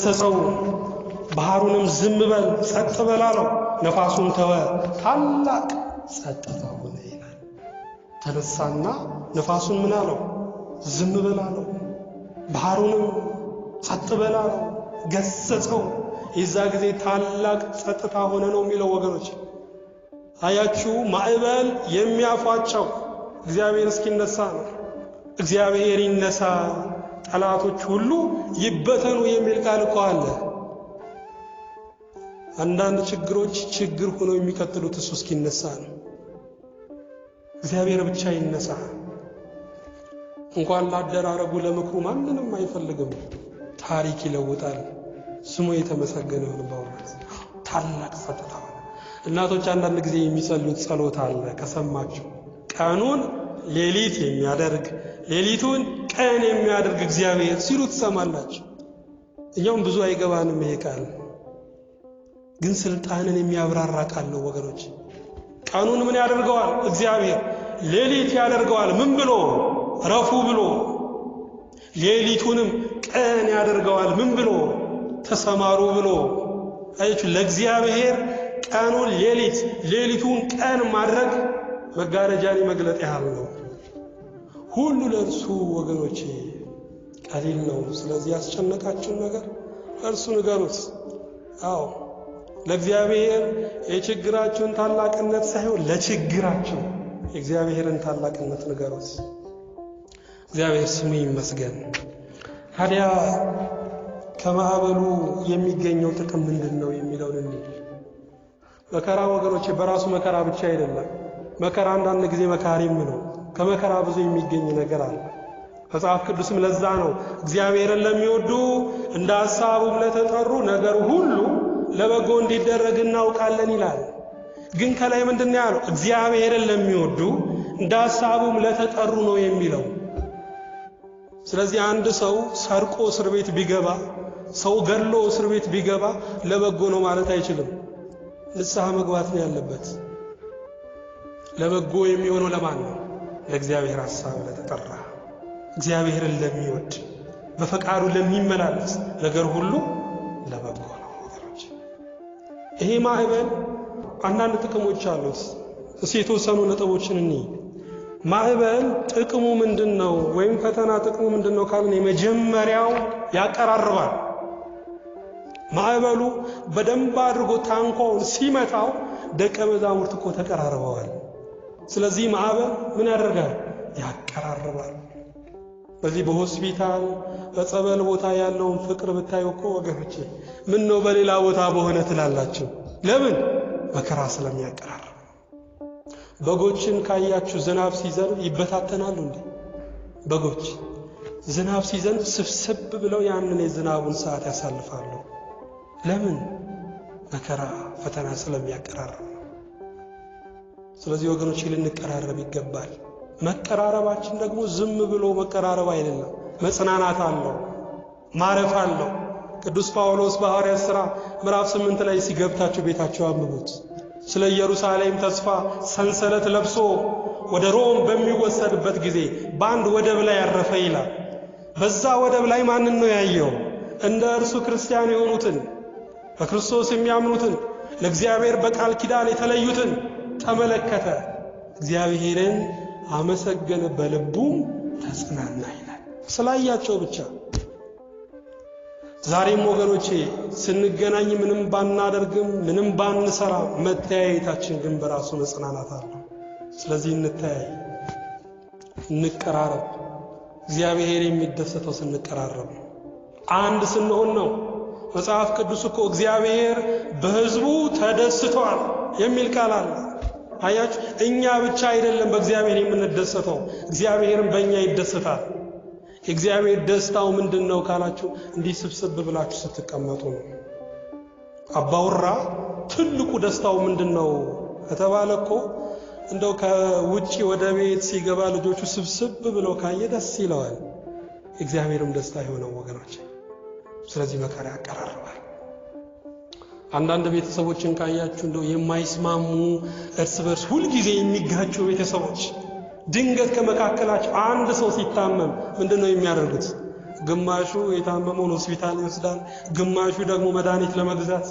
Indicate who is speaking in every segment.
Speaker 1: ገሰጸው። ባህሩንም ዝም በል ጸጥ በል አለው። ነፋሱን ተወ፣ ታላቅ ጸጥታ ሆነ ይላል። ተነሳና ነፋሱን ምን አለው? ዝም በል አለው። ባህሩንም ጸጥ በል አለው፣ ገሰጸው። የዛ ጊዜ ታላቅ ጸጥታ ሆነ ነው የሚለው ወገኖች። አያችሁ ማዕበል የሚያፏቸው እግዚአብሔር እስኪነሳ ነው። እግዚአብሔር ይነሳ ጠላቶች ሁሉ ይበተኑ የሚል ቃል እኮ አለ። አንዳንድ ችግሮች ችግር ሆነው የሚቀጥሉት እሱ እስኪነሳ ነው። እግዚአብሔር ብቻ ይነሳ። እንኳን ላደራረጉ ለምክሩ ማንንም አይፈልግም። ታሪክ ይለውጣል። ስሙ የተመሰገነ ይሁን። በእውነት ታላቅ ጸጥታ። እናቶች አንዳንድ ጊዜ የሚጸልዩት ጸሎት አለ ከሰማችሁ ቀኑን ሌሊት የሚያደርግ ሌሊቱን ቀን የሚያደርግ እግዚአብሔር ሲሉ ትሰማላችሁ። እኛውም ብዙ አይገባንም ይሄ ቃል ግን ስልጣንን የሚያብራራ ቃል ነው ወገኖች። ቀኑን ምን ያደርገዋል? እግዚአብሔር ሌሊት ያደርገዋል። ምን ብሎ? ረፉ ብሎ። ሌሊቱንም ቀን ያደርገዋል። ምን ብሎ? ተሰማሩ ብሎ። አይቹ ለእግዚአብሔር ቀኑን ሌሊት፣ ሌሊቱን ቀን ማድረግ መጋረጃን መግለጥ ያህል ነው። ሁሉ ለእርሱ ወገኖች ቀሊል ነው። ስለዚህ ያስጨነቃችሁን ነገር እርሱ ንገሩት። አዎ ለእግዚአብሔር የችግራችሁን ታላቅነት ሳይሆን ለችግራችሁ የእግዚአብሔርን ታላቅነት ንገሩት። እግዚአብሔር ስሙ ይመስገን። ታዲያ ከማዕበሉ የሚገኘው ጥቅም ምንድን ነው የሚለውን እንሂድ። መከራ ወገኖቼ በራሱ መከራ ብቻ አይደለም። መከራ አንዳንድ ጊዜ መካሪም ነው። ከመከራ ብዙ የሚገኝ ነገር አለ። መጽሐፍ ቅዱስም ለዛ ነው እግዚአብሔርን ለሚወዱ እንደ ሐሳቡም ለተጠሩ ነገር ሁሉ ለበጎ እንዲደረግ እናውቃለን ይላል። ግን ከላይ ምንድን ነው ያለው? እግዚአብሔርን ለሚወዱ እንደ ሐሳቡም ለተጠሩ ነው የሚለው። ስለዚህ አንድ ሰው ሰርቆ እስር ቤት ቢገባ፣ ሰው ገድሎ እስር ቤት ቢገባ ለበጎ ነው ማለት አይችልም። ንስሐ መግባት ነው ያለበት። ለበጎ የሚሆነው ለማን ነው? ለእግዚአብሔር ሐሳብ ለተጠራ እግዚአብሔርን ለሚወድ በፈቃዱ ለሚመላለስ ነገር ሁሉ ለበጎ ነው። ወገኖች ይሄ ማዕበል አንዳንድ ጥቅሞች አሉት። እስኪ የተወሰኑ ነጥቦችን እኒ ማዕበል ጥቅሙ ምንድን ነው? ወይም ፈተና ጥቅሙ ምንድን ነው ካልን የመጀመሪያው ያቀራርባል። ማዕበሉ በደንብ አድርጎ ታንኳውን ሲመታው ደቀ መዛሙርት እኮ ተቀራርበዋል። ስለዚህ ማዕበል ምን ያደርጋል? ያቀራርባል። በዚህ በሆስፒታል በጸበል ቦታ ያለውን ፍቅር ብታዩ እኮ ወገኖቼ ምን ነው በሌላ ቦታ በሆነ ትላላችሁ። ለምን? መከራ ስለሚያቀራርብ። በጎችን ካያችሁ ዝናብ ሲዘንብ ይበታተናሉ እንዴ? በጎች ዝናብ ሲዘንብ ስብስብ ብለው ያንን የዝናቡን ሰዓት ያሳልፋሉ። ለምን? መከራ ፈተና ስለሚያቀራርብ። ስለዚህ ወገኖች ልንቀራረብ ይገባል። መቀራረባችን ደግሞ ዝም ብሎ መቀራረብ አይደለም፣ መጽናናት አለው፣ ማረፍ አለው። ቅዱስ ጳውሎስ በሐዋርያት ሥራ ምዕራፍ ስምንት ላይ ሲገብታችሁ ቤታቸው አንብቡት። ስለ ኢየሩሳሌም ተስፋ ሰንሰለት ለብሶ ወደ ሮም በሚወሰድበት ጊዜ በአንድ ወደብ ላይ ያረፈ ይላል። በዛ ወደብ ላይ ማንን ነው ያየው? እንደ እርሱ ክርስቲያን የሆኑትን በክርስቶስ የሚያምኑትን ለእግዚአብሔር በቃል ኪዳን የተለዩትን ተመለከተ፣ እግዚአብሔርን አመሰገነ፣ በልቡም ተጽናና ይላል። ስላያቸው ብቻ ዛሬም ወገኖቼ ስንገናኝ ምንም ባናደርግም ምንም ባንሰራ መተያየታችን ግን በራሱ መጽናናት አለው። ስለዚህ እንተያይ፣ እንቀራረብ። እግዚአብሔር የሚደሰተው ስንቀራረብ አንድ ስንሆን ነው። መጽሐፍ ቅዱስ እኮ እግዚአብሔር በሕዝቡ ተደስቷል የሚል ቃል አለ። አያችሁ፣ እኛ ብቻ አይደለም በእግዚአብሔር የምንደሰተው፣ እግዚአብሔርም በእኛ ይደሰታል። የእግዚአብሔር ደስታው ምንድን ነው ካላችሁ፣ እንዲህ ስብስብ ብላችሁ ስትቀመጡ ነው። አባውራ ትልቁ ደስታው ምንድን ነው ከተባለ እኮ እንደው ከውጪ ወደ ቤት ሲገባ ልጆቹ ስብስብ ብለው ካየ ደስ ይለዋል። እግዚአብሔርም ደስታ የሆነው ወገኖች፣ ስለዚህ መከራ ያቀራርባል። አንዳንድ ቤተሰቦችን ካያችሁ እንደው የማይስማሙ እርስ በርስ ሁልጊዜ የሚጋጩ ቤተሰቦች ድንገት ከመካከላቸው አንድ ሰው ሲታመም ምንድን ነው የሚያደርጉት? ግማሹ የታመመውን ሆስፒታል ይወስዳል፣ ግማሹ ደግሞ መድኃኒት ለመግዛት፣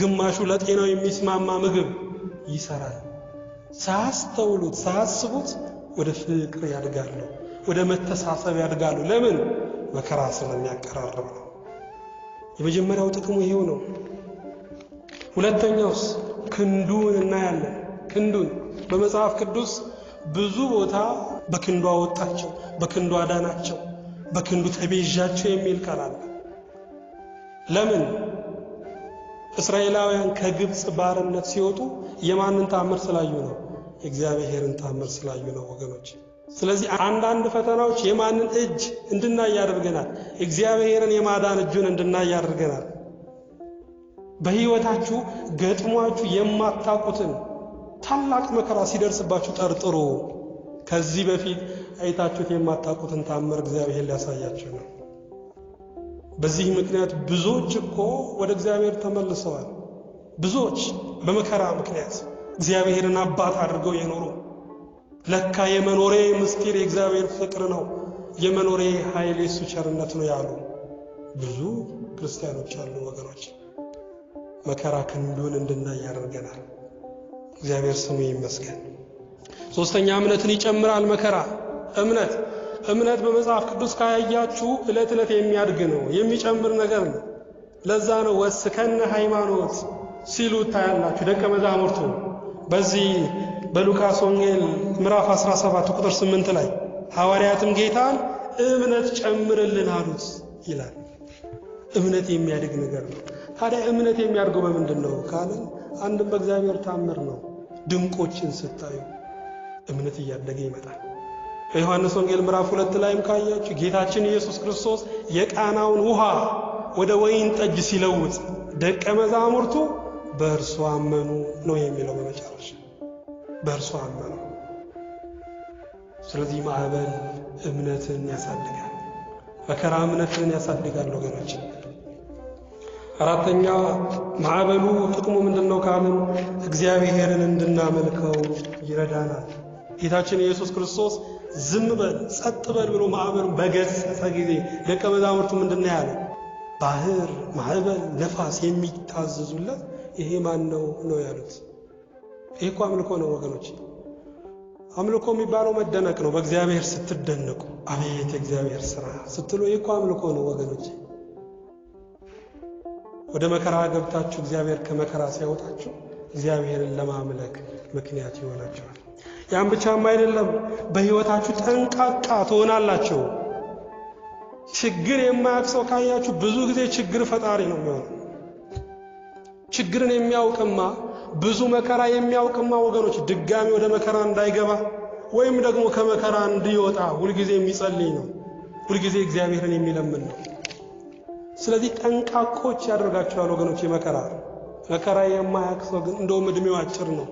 Speaker 1: ግማሹ ለጤናው የሚስማማ ምግብ ይሰራል። ሳያስተውሉት ሳያስቡት ወደ ፍቅር ያድጋሉ፣ ወደ መተሳሰብ ያድጋሉ። ለምን? መከራ ስለሚያቀራርብ ነው። የመጀመሪያው ጥቅሙ ይሄው ነው። ሁለተኛውስ ክንዱን እናያለን። ክንዱን በመጽሐፍ ቅዱስ ብዙ ቦታ በክንዱ አወጣቸው፣ በክንዱ አዳናቸው፣ በክንዱ ተቤዣቸው የሚል ቃል አለ። ለምን እስራኤላውያን ከግብፅ ባርነት ሲወጡ የማንን ታምር ስላዩ ነው? የእግዚአብሔርን ታምር ስላዩ ነው ወገኖች። ስለዚህ አንዳንድ ፈተናዎች የማንን እጅ እንድናይ ያደርገናል? እግዚአብሔርን የማዳን እጁን እንድናይ ያደርገናል። በህይወታችሁ ገጥሟችሁ የማታውቁትን ታላቅ መከራ ሲደርስባችሁ ጠርጥሩ። ከዚህ በፊት አይታችሁት የማታውቁትን ታምር እግዚአብሔር ሊያሳያችሁ ነው። በዚህ ምክንያት ብዙዎች እኮ ወደ እግዚአብሔር ተመልሰዋል። ብዙዎች በመከራ ምክንያት እግዚአብሔርን አባት አድርገው የኖሩ ለካ የመኖሬ ምስጢር የእግዚአብሔር ፍቅር ነው፣ የመኖሬ ኃይል የሱ ቸርነት ነው ያሉ ብዙ ክርስቲያኖች አሉ ወገኖች። መከራ ክንዱን እንድናይ ያደርገናል። እግዚአብሔር ስሙ ይመስገን። ሶስተኛ እምነትን ይጨምራል መከራ። እምነት እምነት በመጽሐፍ ቅዱስ ካያያችሁ ዕለት ዕለት የሚያድግ ነው፣ የሚጨምር ነገር ነው። ለዛ ነው ወስከነ ሃይማኖት ሲሉ ታያላችሁ ደቀ መዛሙርቱ በዚህ በሉቃስ ወንጌል ምዕራፍ 17 ቁጥር 8 ላይ ሐዋርያትም ጌታን እምነት ጨምርልን አሉት ይላል። እምነት የሚያድግ ነገር ነው። ታዲያ እምነት የሚያድገው በምንድን ነው ካለን አንድም በእግዚአብሔር ታምር ነው። ድንቆችን ስታዩ እምነት እያደገ ይመጣል። በዮሐንስ ወንጌል ምዕራፍ ሁለት ላይም ካያችሁ ጌታችን ኢየሱስ ክርስቶስ የቃናውን ውሃ ወደ ወይን ጠጅ ሲለውጥ ደቀ መዛሙርቱ በእርሱ አመኑ ነው የሚለው በመጨረሻ በእርሱ አመኑ። ስለዚህ ማዕበል እምነትን ያሳድጋል፣ መከራ እምነትን ያሳድጋል ወገኖችን አራተኛ ማዕበሉ ጥቅሙ ምንድን ነው ካልን እግዚአብሔርን እንድናመልከው ይረዳናል። ጌታችን ኢየሱስ ክርስቶስ ዝም በል ጸጥ በል ብሎ ማዕበሉን በገሰጸ ጊዜ ደቀ መዛሙርቱ ምንድን ነው ያለ? ባህር፣ ማዕበል፣ ነፋስ የሚታዘዙለት ይሄ ማን ነው ነው ያሉት። ይህ እኮ አምልኮ ነው ወገኖች። አምልኮ የሚባለው መደነቅ ነው። በእግዚአብሔር ስትደነቁ አቤት የእግዚአብሔር ስራ ስትሉ ይህ እኮ አምልኮ ነው ወገኖች። ወደ መከራ ገብታችሁ እግዚአብሔር ከመከራ ሲያወጣችሁ እግዚአብሔርን ለማምለክ ምክንያት ይሆናቸዋል። ያን ብቻም አይደለም፣ በሕይወታችሁ ጠንቃቃ ትሆናላችሁ። ችግር የማያውቅ ሰው ካያችሁ ብዙ ጊዜ ችግር ፈጣሪ ነው የሚሆነው። ችግርን የሚያውቅማ ብዙ መከራ የሚያውቅማ ወገኖች ድጋሚ ወደ መከራ እንዳይገባ ወይም ደግሞ ከመከራ እንዲወጣ ሁልጊዜ የሚጸልይ ነው። ሁልጊዜ እግዚአብሔርን የሚለምን ነው። ስለዚህ ጠንቃቆች ያደርጋቸዋል ወገኖች። መከራ መከራ የማያውቅ ሰው ግን እንደውም እድሜው አጭር ነው።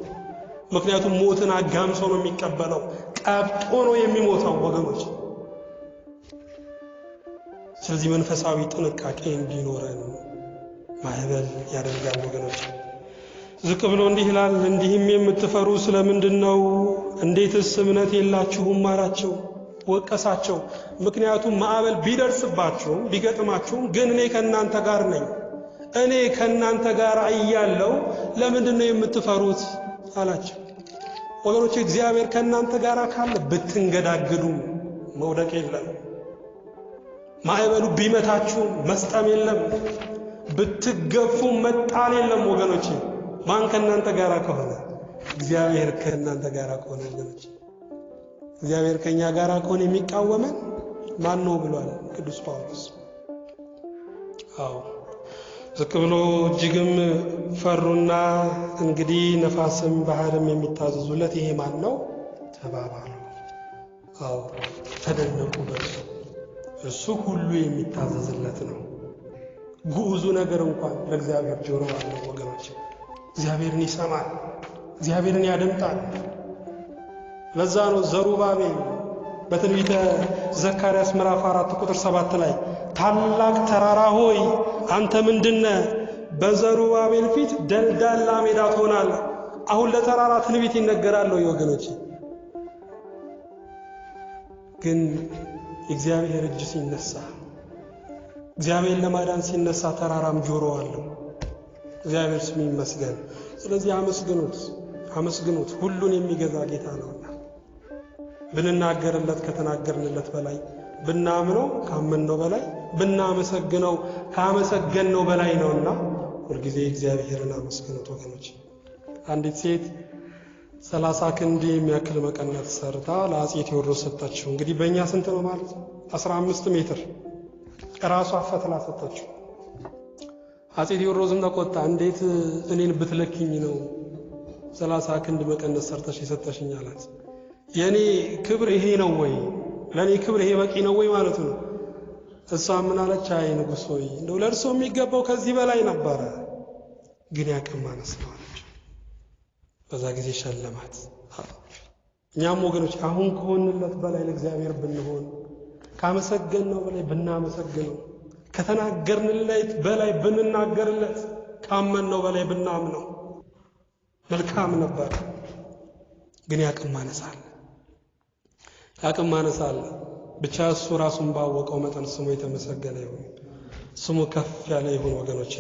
Speaker 1: ምክንያቱም ሞትን አጋምሶ ነው የሚቀበለው፣ ቀብጦ ነው የሚሞተው ወገኖች። ስለዚህ መንፈሳዊ ጥንቃቄ እንዲኖረን ማህበል ያደርጋል ወገኖች። ዝቅ ብሎ እንዲህ ይላል፣ እንዲህም የምትፈሩ ስለምንድን ነው? እንዴትስ እምነት የላችሁም አላቸው። ወቀሳቸው። ምክንያቱም ማዕበል ቢደርስባችሁም ቢገጥማችሁም ግን እኔ ከእናንተ ጋር ነኝ፣ እኔ ከእናንተ ጋር እያለው ለምንድን ነው የምትፈሩት አላቸው። ወገኖች እግዚአብሔር ከእናንተ ጋር ካለ ብትንገዳግዱ መውደቅ የለም። ማዕበሉ ቢመታችሁ መስጠም የለም። ብትገፉ መጣል የለም። ወገኖች ማን ከእናንተ ጋር ከሆነ እግዚአብሔር ከእናንተ ጋር ከሆነ ወገኖች እግዚአብሔር ከኛ ጋር ከሆነ የሚቃወመን ማን ነው ብሏል ቅዱስ ጳውሎስ። አዎ ዝቅ ብሎ እጅግም ፈሩና፣ እንግዲህ ነፋስም ባህርም የሚታዘዙለት ይሄ ማን ነው ተባባሉ። አዎ ተደነቁ በሱ እሱ ሁሉ የሚታዘዝለት ነው። ግዑዙ ነገር እንኳን ለእግዚአብሔር ጆሮ አለው ወገኖች። እግዚአብሔርን ይሰማል፣ እግዚአብሔርን ያደምጣል። ለዛ ነው ዘሩባቤል በትንቢተ ዘካርያስ ምዕራፍ አራት ቁጥር ሰባት ላይ ታላቅ ተራራ ሆይ አንተ ምንድነ በዘሩባቤል ፊት ደልዳላ ሜዳ ትሆናል አሁን ለተራራ ትንቢት ይነገራል ወገኖች። ግን እግዚአብሔር እጅ ሲነሳ እግዚአብሔር ለማዳን ሲነሳ ተራራም ጆሮ አለው። እግዚአብሔር ስሙ ይመስገን። ስለዚህ አመስግኑት፣ አመስግኑት። ሁሉን የሚገዛ ጌታ ነው። ብንናገርለት ከተናገርንለት በላይ ብናምነው ካመንነው በላይ ብናመሰግነው ካመሰገንነው በላይ ነውና ሁልጊዜ እግዚአብሔርን አመስግኑት ወገኖች። አንዲት ሴት ሰላሳ ክንድ የሚያክል መቀነት ሰርታ ለአጼ ቴዎድሮስ ሰጠችው። እንግዲህ በእኛ ስንት ነው ማለት አስራ አምስት ሜትር እራሷ ፈትላ ሰጠችው። አጼ ቴዎድሮስም ተቆጣ። እንዴት እኔን ብትለኪኝ ነው ሰላሳ ክንድ መቀነት ሰርተሽ የሰጠሽኝ አላት። የኔ ክብር ይሄ ነው ወይ ለእኔ ክብር ይሄ በቂ ነው ወይ ማለቱ ነው። እሷ ምን አለች? አይ ንጉሥ ሆይ እንደው ለእርሶ የሚገባው ከዚህ በላይ ነበረ፣ ግን ያቅም ማነስ ነው አለች። በዛ ጊዜ ሸለማት። እኛም ወገኖች አሁን ከሆንለት በላይ ለእግዚአብሔር ብንሆን፣ ካመሰገንነው በላይ ብናመሰግነው፣ ከተናገርንለት በላይ ብንናገርለት፣ ካመንነው በላይ ብናምነው መልካም ነበር፣ ግን ያቅም ማነስ አለ። አቅም ማነስ አለ። ብቻ እሱ ራሱን ባወቀው መጠን ስሙ የተመሰገነ ይሁን፣ ስሙ ከፍ ያለ ይሁን ወገኖቼ።